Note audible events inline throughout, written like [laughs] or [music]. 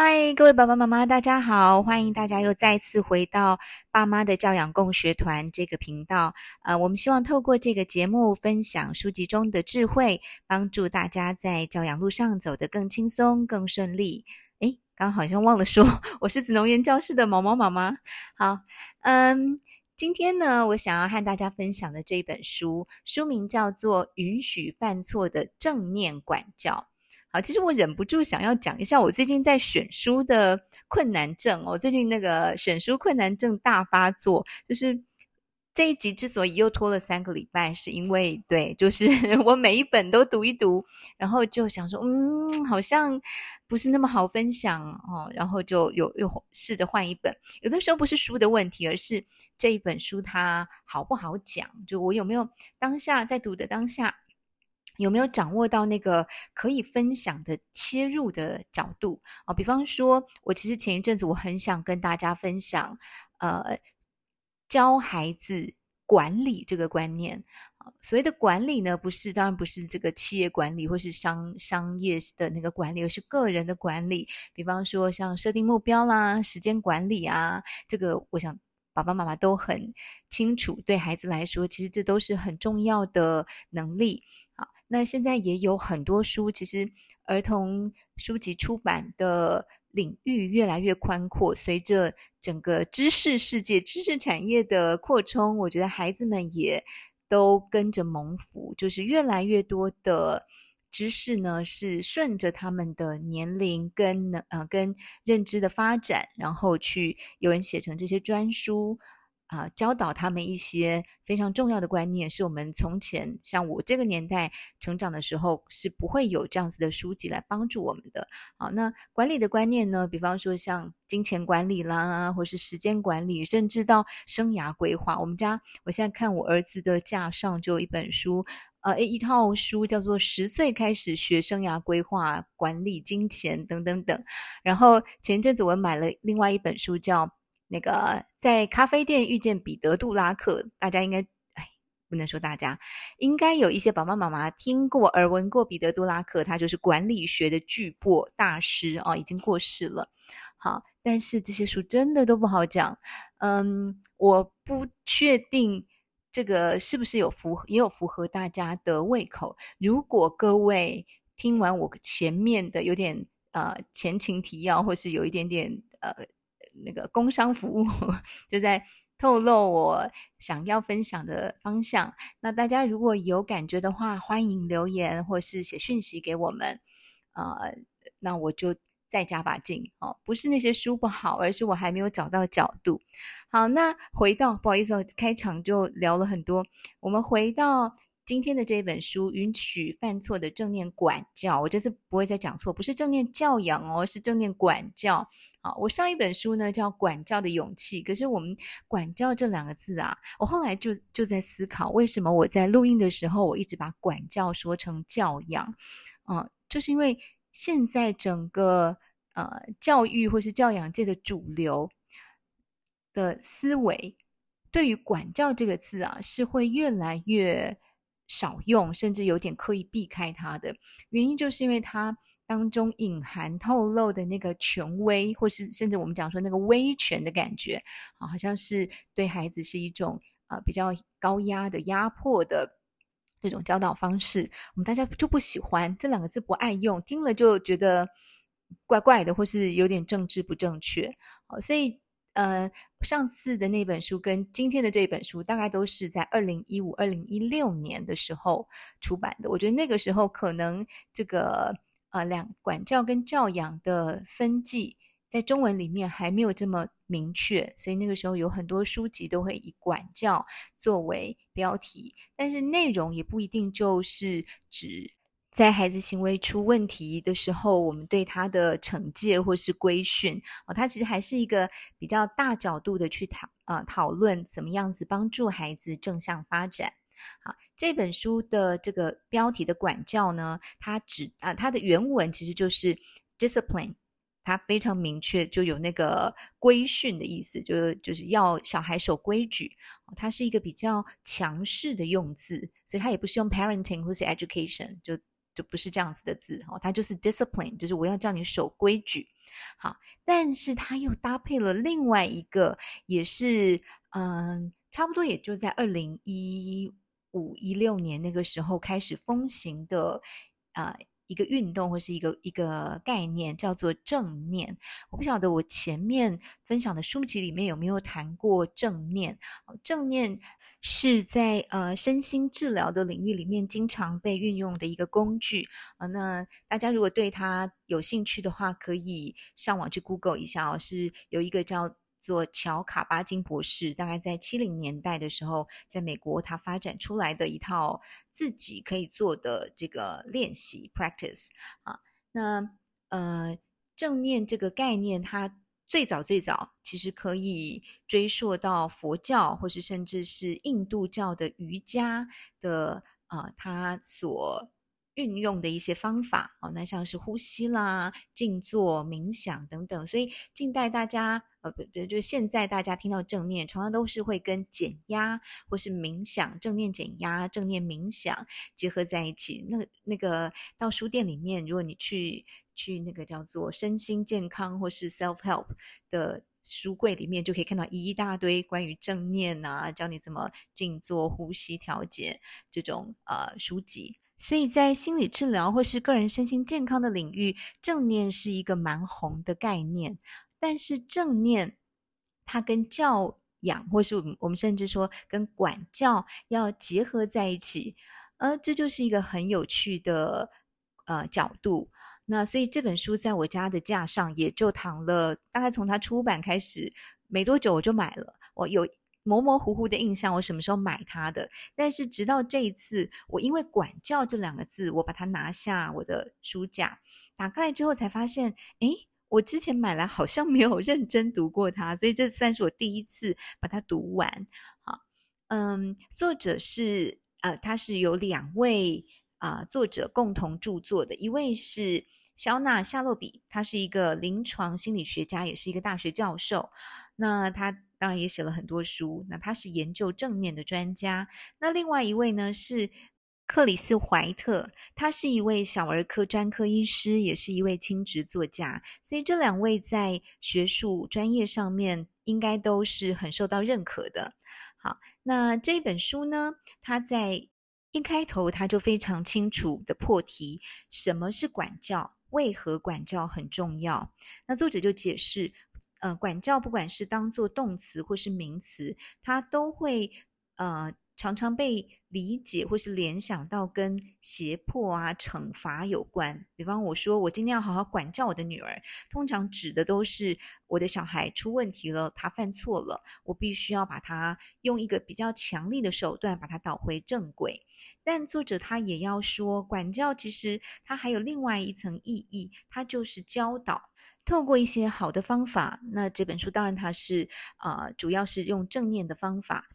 嗨，Hi, 各位爸爸媽媽，大家好！歡迎大家又再次回到《爸媽的教養共學團》這個頻道。呃，我們希望透過這個節目分享書籍中的智慧，幫助大家在教養路上走得更輕鬆、更順利。誒，剛好像忘了說，我是子穠園教室的毛毛媽媽。好，嗯，今天呢，我想要和大家分享的這本書，書名叫做《允許犯錯的正念管教》。好，其實我忍不住想要講一下我最近在選書的困難症哦，我最近那個選書困難症大發作，就是這一集之所以又拖了三個禮拜，是因為對，就是 [laughs] 我每一本都讀一讀，然後就想說，嗯，好像不是那麼好分享哦，然後就有又試着換一本，有的時候不是書的問題，而是這一本書它好不好講，就我有沒有當下在讀的當下。有沒有掌握到那個可以分享的切入的角度啊？比方說，我其實前一陣子我很想跟大家分享，呃，教孩子管理這個觀念啊，所謂的管理呢，不是當然不是這個企業管理或是商商業的那個管理，而是個人的管理。比方說，像設定目標啦、時間管理啊，這個我想爸爸媽媽都很清楚。對孩子來說，其實這都是很重要的能力啊。那現在也有很多書，其實兒童書籍出版的領域越來越寬闊。隨着整個知識世界、知識產業的擴充，我覺得孩子們也都跟着蒙福，就是越來越多的知識呢，是順着他們的年齡跟能、呃、跟認知的發展，然後去有人寫成這些專書。啊、呃，教導他們一些非常重要的觀念，是我們從前像我這個年代成長的時候是不會有這樣子的書籍來幫助我們的。好、啊，那管理的觀念呢？比方說像金錢管理啦，或是時間管理，甚至到生涯規劃。我們家，我現在看我兒子的架上就有一本書，呃，一套書叫做《十歲開始學生涯規劃、管理金錢》等等等，然後前陣子我買了另外一本書叫。那個《在咖啡店遇見彼得·杜拉克》，大家應該，哎，不能說大家應該，有一些爸爸媽媽聽過、耳聞過彼得·杜拉克，他就是管理學的巨擘大師啊、哦，已經過世了。好，但是這些書真的都不好講，嗯，我不確定這個是不是有符合，也有符合大家的胃口。如果各位聽完我前面的有點呃前情提要，或是有一點點呃。那個工商服務就在透露我想要分享的方向。那大家如果有感覺的話，歡迎留言或是寫訊息給我們。啊、呃，那我就再加把勁哦，不是那些書不好，而是我還沒有找到角度。好，那回到，不好意思、哦，開場就聊了很多，我們回到。今天的這一本書允許犯錯的正念管教，我這次不會再講錯，不是正念教養哦，是正念管教啊。我上一本書呢叫《管教的勇氣》，可是我們“管教”這兩個字啊，我後來就就在思考，為什麼我在錄音的時候，我一直把“管教”說成“教養”啊？就是因為現在整個呃教育或是教養界的主流的思維，對於“管教”這個字啊，是會越來越少用，甚至有點刻意避開它的原因，就是因為它當中隱含透露的那個權威，或是甚至我們講說那個威權的感覺，啊，好像是對孩子是一種呃比較高壓的壓迫的這種教導方式，嗯，我們大家就不喜歡這兩個字，不愛用，聽了就覺得怪怪的，或是有點政治不正確，好，所以。呃，上次的那本書跟今天的這本書，大概都是在二零一五、二零一六年的時候出版的。我覺得那個時候可能這個呃兩管教跟教養的分際在中文裡面還沒有這麼明確，所以那個時候有很多書籍都會以管教作為標題，但是內容也不一定就是指。在孩子行為出問題的時候，我們對他的懲戒或是規訓，哦，他其實還是一個比較大角度的去討啊、呃、討論怎麼樣子幫助孩子正向發展。好，啊，這本書的這個標題的管教呢，它指啊，它的原文其實就是 discipline，它非常明確就有那個規訓的意思，就就是要小孩守規矩，哦。它是一個比較強勢的用字，所以它也不是用 parenting 或是 education 就。就不是這樣子的字哈，它就是 discipline，就是我要叫你守規矩，好，但是它又搭配了另外一個，也是嗯、呃，差不多也就在二零一五一六年那個時候開始風行的啊、呃，一個運動或是一個一個概念，叫做正念。我不曉得我前面分享的書籍裡面有沒有談過正念，正念是在呃身心治療的領域裡面經常被運用的一個工具啊，呃。那大家如果對它有興趣的話，可以上網去 Google 一下哦。是有一個叫做喬卡巴金博士，大概在七零年代的時候，在美國他發展出來的一套自己可以做的這個練習 practice 啊。那呃正念這個概念，它。最早最早，其實可以追溯到佛教，或是甚至是印度教的瑜伽的啊，它、呃、所運用的一些方法、哦、那像是呼吸啦、靜坐、冥想等等。所以近代大家呃，就是現在大家聽到正念，常常都是會跟減壓或是冥想、正念減壓、正念冥想結合在一起。那個那個到書店裡面，如果你去。去那個叫做“身心健康”或是 “self help” 的書櫃裡面，就可以看到一大堆關於正念啊，教你怎麼靜坐、呼吸調節這種呃書籍。所以在心理治療或是個人身心健康的領域，正念是一個蠻紅的概念。但是正念它跟教養，或是我們甚至說跟管教要結合在一起，呃，這就是一個很有趣的呃角度。那所以這本書在我家的架上也就躺了，大概從它出版開始沒多久我就買了。我有模模糊糊的印象，我什麼時候買它的。但是直到這一次，我因為“管教”這兩個字，我把它拿下我的書架，打開來之後才發現，誒，我之前買來好像沒有認真讀過它，所以這算是我第一次把它讀完。好，嗯，作者是呃，他是有兩位。啊，作者共同著作的一位是肖娜夏洛比，他是一個臨床心理學家，也是一個大學教授。那他當然也寫了很多書。那他是研究正念的專家。那另外一位呢是克里斯懷特，他是一位小兒科專科醫師，也是一位親職作家。所以這兩位在學術專業上面應該都是很受到認可的。好，那這本書呢，他在。一開頭他就非常清楚的破題：什麼是管教？為何管教很重要？那作者就解釋，呃，管教不管是當做動詞或是名詞，它都會，呃。常常被理解或是聯想到跟脅迫啊、懲罰有關。比方我說，我今天要好好管教我的女兒，通常指的都是我的小孩出問題了，他犯錯了，我必須要把他用一個比較強力的手段把他導回正軌。但作者他也要說，管教其實它還有另外一層意義，它就是教導，透過一些好的方法。那這本書當然它是啊、呃，主要是用正念的方法。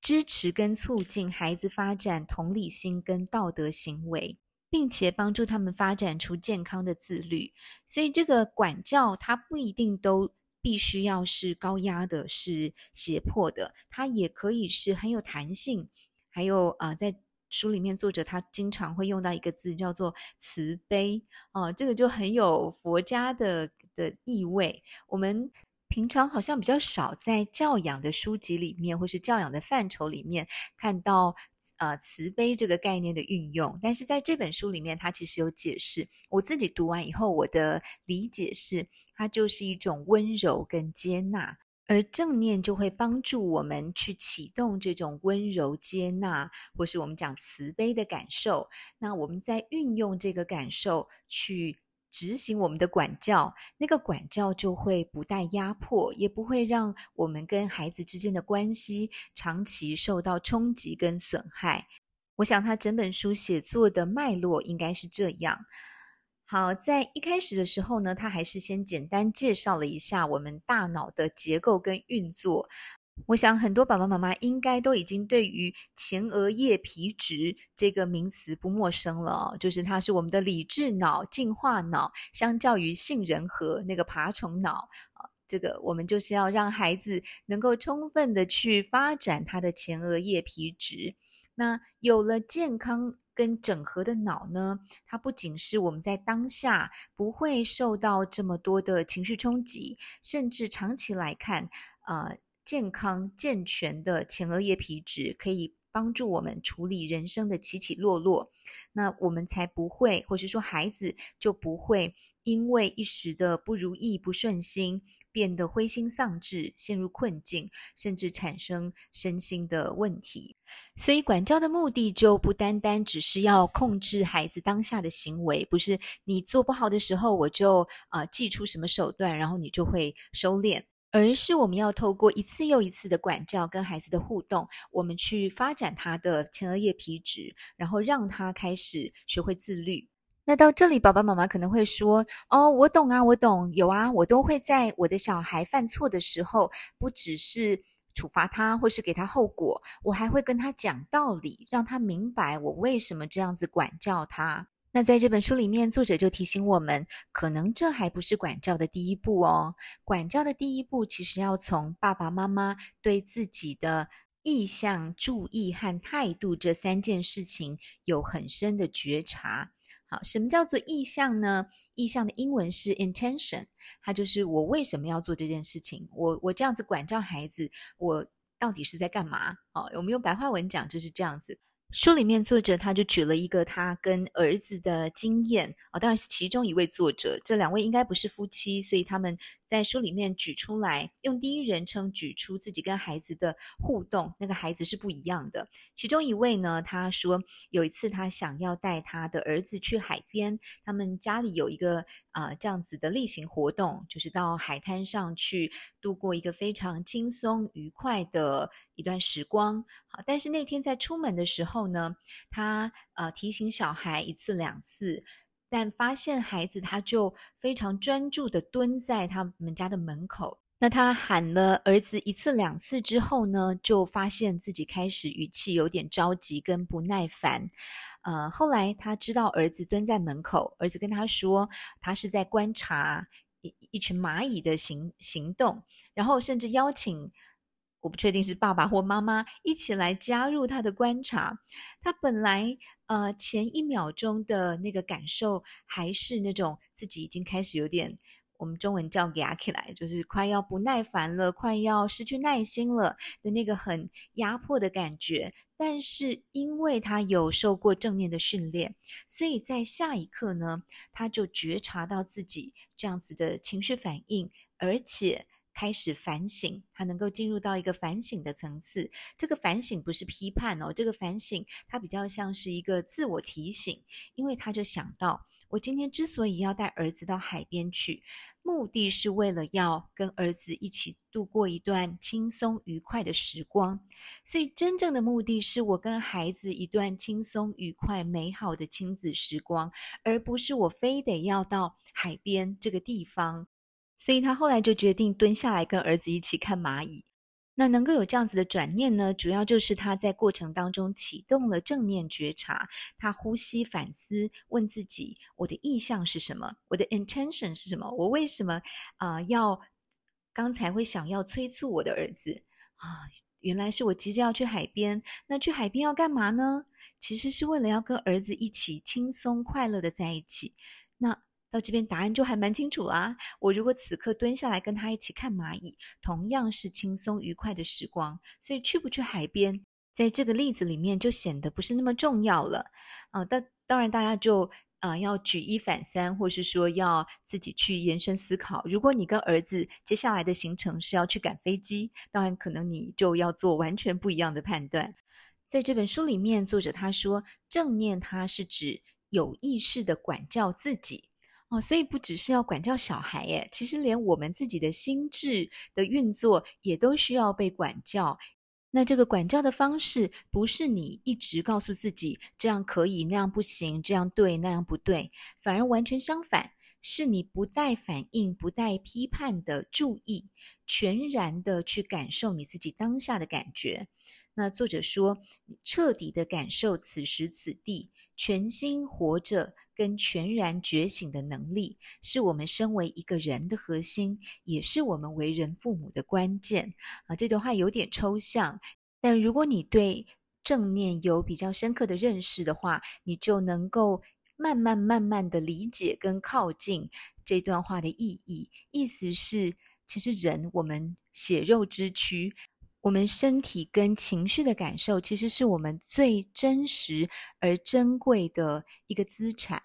支持跟促進孩子發展同理心跟道德行為，並且幫助他們發展出健康的自律。所以，這個管教它不一定都必須要是高壓的、是脅迫的，它也可以是很有彈性。還有啊、呃，在書裡面，作者他經常會用到一個字，叫做慈悲。啊、呃，這個就很有佛家的的意味。我們。平常好像比較少在教養的書籍裡面，或是教養的範疇裡面看到呃慈悲這個概念的運用，但是在這本書裡面，它其實有解釋。我自己讀完以後，我的理解是，它就是一種溫柔跟接納，而正念就會幫助我們去啟動這種溫柔接納，或是我們講慈悲的感受。那我們在運用這個感受去。執行我們的管教，那個管教就會不帶壓迫，也不會讓我們跟孩子之間的關係長期受到衝擊跟損害。我想他整本書寫作的脈絡應該是這樣。好，在一開始的時候呢，他還是先簡單介紹了一下我們大腦的結構跟運作。我想很多爸爸媽媽應該都已經對於前額葉皮質這個名詞不陌生了哦，就是它是我們的理智腦、進化腦，相較於杏仁核那個爬蟲腦，這個我們就是要讓孩子能夠充分的去發展他的前額葉皮質。那有了健康跟整合的腦呢，它不僅是我們在當下不會受到這麼多的情緒衝擊，甚至長期來看，呃。健康健全的前額葉皮質可以幫助我們處理人生的起起落落，那我們才不會，或是說孩子就不會因為一時的不如意、不順心，變得灰心喪志、陷入困境，甚至產生身心的問題。所以，管教的目的就不單單只是要控制孩子當下的行為，不是你做不好的時候我就啊、呃、祭出什麼手段，然後你就會收斂。而是我們要透過一次又一次的管教跟孩子的互動，我們去發展他的前額葉皮質，然後讓他開始學會自律。那到這裡，爸爸媽媽可能會說：“哦，我懂啊，我懂，有啊，我都會在我的小孩犯錯的時候，不只是處罰他或是給他後果，我還會跟他講道理，讓他明白我為什麼這樣子管教他。”那在這本書裡面，作者就提醒我們，可能這還不是管教的第一步哦。管教的第一步，其實要從爸爸媽媽對自己的意向、注意和態度這三件事情有很深的覺察。好，什麼叫做意向呢？意向的英文是 intention，它就是我為什麼要做這件事情？我我這樣子管教孩子，我到底是在幹嘛？好，哦，我們用白話文講就是這樣子。書裡面作者他就舉了一個他跟兒子的經驗啊，哦，當然是其中一位作者，這兩位應該不是夫妻，所以他們在書裡面舉出來，用第一人稱舉出自己跟孩子的互動。那個孩子是不一樣的。其中一位呢，他說有一次他想要帶他的兒子去海邊，他們家裡有一個啊，呃，這樣子的例行活動，就是到海灘上去度過一個非常輕鬆愉快的。一段時光，好，但是那天在出門的時候呢，他呃提醒小孩一次兩次，但發現孩子他就非常專注地蹲在他們家的門口。那他喊了兒子一次兩次之後呢，就發現自己開始語氣有點着急跟不耐煩。呃，後來他知道兒子蹲在門口，兒子跟他說，他是在觀察一一群螞蟻的行行動，然後甚至邀請。我不確定是爸爸或媽媽一起來加入他的觀察。他本來呃前一秒鐘的那個感受還是那種自己已經開始有點我們中文叫“壓起來”，就是快要不耐煩了、快要失去耐心了的那個很壓迫的感覺。但是因為他有受過正念的訓練，所以在下一刻呢，他就覺察到自己這樣子的情緒反應，而且。開始反省，他能夠進入到一個反省的層次。這個反省不是批判哦，這個反省它比較像是一個自我提醒，因為他就想到，我今天之所以要帶兒子到海邊去，目的是為了要跟兒子一起度過一段輕鬆愉快的時光。所以真正的目的是我跟孩子一段輕鬆愉快美好的親子時光，而不是我非得要到海邊這個地方。所以他後來就決定蹲下來跟兒子一起看螞蟻。那能夠有這樣子的轉念呢，主要就是他在過程當中啟動了正念覺察，他呼吸、反思，問自己：我的意向是什麼？我的 intention 是什麼？我為什麼啊、呃、要剛才會想要催促我的兒子啊？原來是我急着要去海邊。那去海邊要幹嘛呢？其實是為了要跟兒子一起輕鬆快樂地在一起。那。到這邊答案就還蠻清楚啦、啊。我如果此刻蹲下來跟他一起看螞蟻，同樣是輕鬆愉快的時光。所以去不去海邊，在這個例子裡面就顯得不是那麼重要了。啊、呃，當當然大家就啊、呃、要舉一反三，或是說要自己去延伸思考。如果你跟兒子接下來的行程是要去趕飛機，當然可能你就要做完全不一樣的判斷。在這本書裡面，作者他說，正念它是指有意識地管教自己。哦，所以不只是要管教小孩耶，其實連我們自己的心智的運作也都需要被管教。那這個管教的方式，不是你一直告訴自己這樣可以，那樣不行，這樣對，那樣不對，反而完全相反，是你不帶反應、不帶批判的注意，全然的去感受你自己當下的感覺。那作者說，徹底的感受此時此地。全心活着跟全然覺醒的能力，是我們身為一個人的核心，也是我們為人父母的關鍵。啊，這段話有點抽象，但如果你對正念有比較深刻的認識的話，你就能夠慢慢慢慢地理解跟靠近這段話的意義。意思是，其實人，我們血肉之軀。我們身體跟情緒的感受，其實是我們最真實而珍貴的一個資產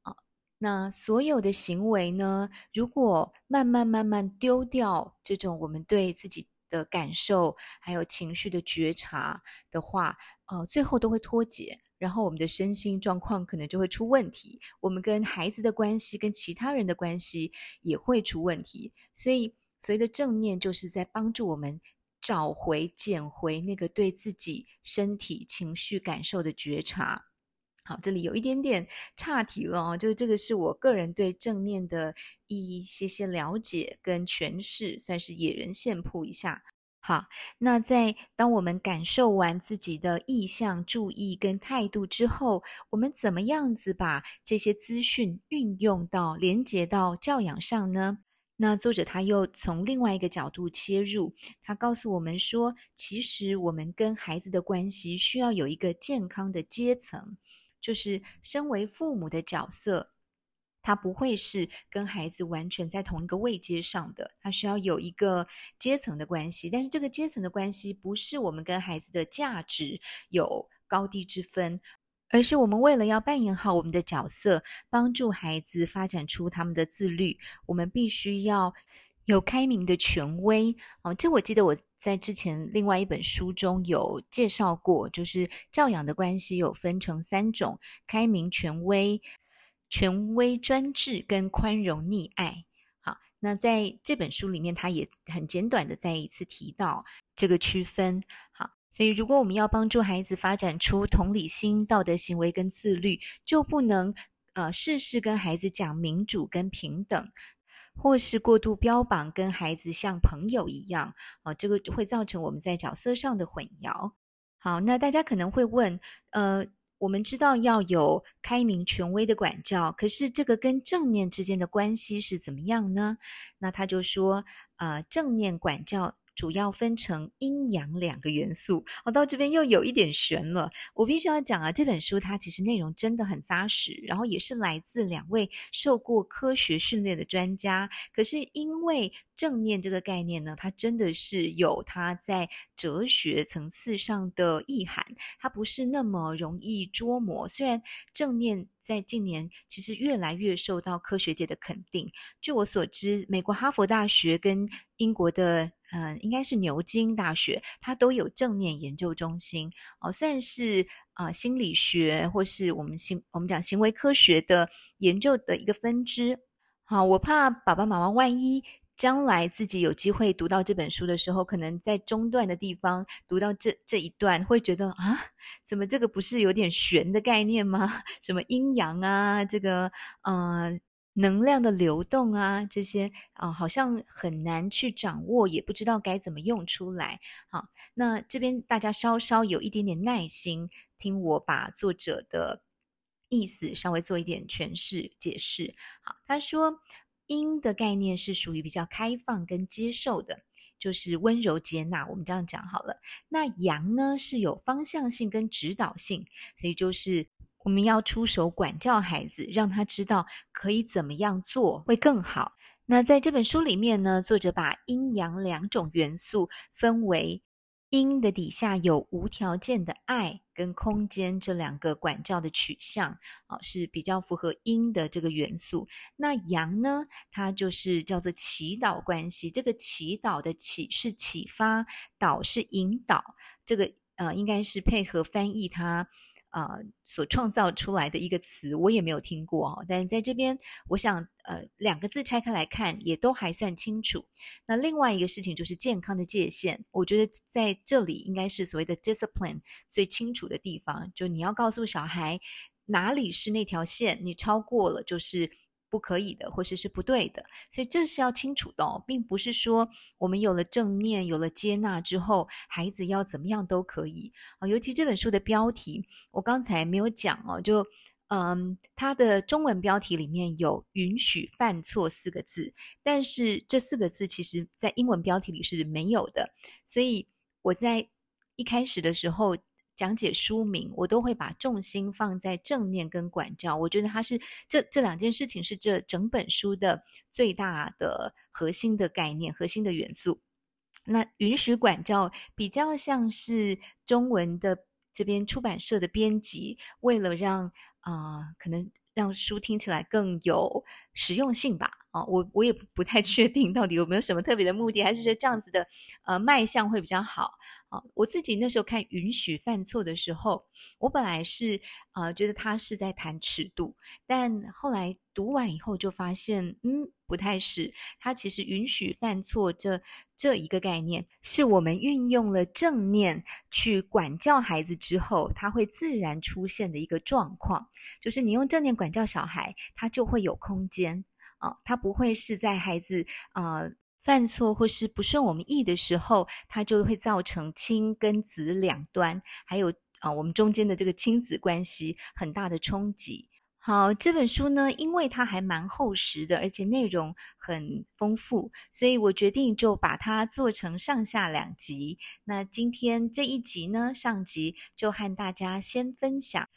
啊。那所有的行為呢，如果慢慢慢慢丟掉這種我們對自己的感受還有情緒的覺察的話，呃、啊，最後都會脫節，然後我們的身心狀況可能就會出問題。我們跟孩子的關係、跟其他人的關係也會出問題。所以，所謂的正念就是在幫助我們。找回、撿回那個對自己身體、情緒感受的覺察。好，這裡有一點點岔題了哦，就是這個是我個人對正念的一些些了解跟詮釋，算是野人獻曝一下。好，那在當我們感受完自己的意向、注意跟態度之後，我們怎麼樣子把這些資訊運用到連接到教養上呢？那作者他又從另外一個角度切入，他告訴我們說，其實我們跟孩子的關係需要有一個健康的階層，就是身為父母的角色，他不會是跟孩子完全在同一個位階上的，他需要有一個階層的關係，但是這個階層的關係不是我們跟孩子的價值有高低之分。而是我們為了要扮演好我們的角色，幫助孩子發展出他們的自律，我們必須要有開明的權威。哦，這我記得我在之前另外一本書中有介紹過，就是教養的關係有分成三種：開明權威、權威專制跟寬容溺愛。好，那在這本書裡面，他也很簡短的再一次提到這個區分。好。所以，如果我們要幫助孩子發展出同理心、道德行為跟自律，就不能呃，事事跟孩子講民主跟平等，或是過度標榜跟孩子像朋友一樣啊、呃，這個會造成我們在角色上的混淆。好，那大家可能會問，呃，我們知道要有開明權威的管教，可是這個跟正念之間的關係是怎麼樣呢？那他就說，呃，正念管教。主要分成陰陽兩個元素。好，到這邊又有一點懸了。我必須要講啊，這本書它其實內容真的很紮實，然後也是來自兩位受過科學訓練的專家。可是因為正念這個概念呢，它真的是有它在哲學層次上的意涵，它不是那麼容易捉摸，雖然正念在近年其實越來越受到科學界的肯定，據我所知，美國哈佛大學跟英國的。嗯、呃，應該是牛津大學，它都有正念研究中心哦，算是啊、呃、心理學或是我們行我們講行為科學的研究的一個分支。好、哦，我怕爸爸媽媽萬一將來自己有機會讀到這本書的時候，可能在中段的地方讀到這這一段，會覺得啊，怎麼這個不是有點玄的概念嗎？什麼陰陽啊，這個嗯。呃能量的流動啊，這些啊、哦，好像很難去掌握，也不知道該怎麼用出來。好，那這邊大家稍稍有一點點耐心，聽我把作者的意思稍微做一點詮釋解釋。好，他說陰的概念是屬於比較開放跟接受的，就是溫柔接納，我們這樣講好了。那陽呢是有方向性跟指導性，所以就是。我們要出手管教孩子，讓他知道可以怎麼樣做會更好。那在這本書裡面呢，作者把陰陽兩種元素分為，陰的底下有無條件的愛跟空間，這兩個管教的取向，啊、呃，是比較符合陰的這個元素。那陽呢，它就是叫做啟導關係。這個啟導的啟是啟發，導是引導。這個呃，應該是配合翻譯它。啊、呃，所創造出來的一個詞，我也沒有聽過哦。但在這邊，我想，呃，兩個字拆開來看，也都還算清楚。那另外一個事情就是健康的界限，我覺得在這裡應該是所謂的 discipline 最清楚的地方，就你要告訴小孩哪裡是那條線，你超過了就是。不可以的，或者是，是不對的，所以這是要清楚的哦，並不是說我們有了正念、有了接納之後，孩子要怎麼樣都可以。啊，哦，尤其這本書的標題，我剛才沒有講哦，就嗯，它的中文標題裡面有“允許犯錯”四個字，但是這四個字其實在英文標題裡是沒有的，所以我在一開始的時候。講解書名，我都會把重心放在正念跟管教。我覺得它是這這兩件事情是這整本書的最大的核心的概念、核心的元素。那允許管教比較像是中文的這邊出版社的編輯，為了讓啊、呃，可能讓書聽起來更有實用性吧。啊，我我也不太確定到底有沒有什麼特別的目的，還是說這樣子的，呃，賣相會比較好啊？我自己那時候看《允許犯錯》的時候，我本來是，呃，覺得他是在談尺度，但後來讀完以後就發現，嗯，不太是。他其實“允許犯錯”這這一個概念，是我們運用了正念去管教孩子之後，他會自然出現的一個狀況，就是你用正念管教小孩，他就會有空間。啊，他、哦、不會是在孩子啊、呃、犯錯或是不順我們意的時候，他就會造成親跟子兩端，還有啊、呃、我們中間的這個親子關係很大的衝擊。好，這本書呢，因為它還蠻厚實的，而且內容很豐富，所以我決定就把它做成上下兩集。那今天這一集呢，上集就和大家先分享。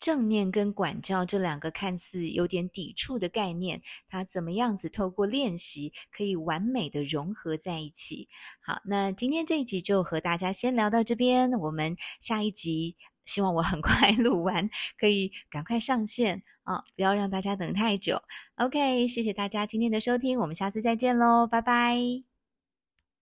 正念跟管教這兩個看似有點抵觸的概念，它怎麼樣子透過練習可以完美的融合在一起？好，那今天這一集就和大家先聊到這邊。我們下一集希望我很快錄完，可以趕快上線啊、哦，不要讓大家等太久。OK，謝謝大家今天的收聽，我們下次再見嘍，拜拜。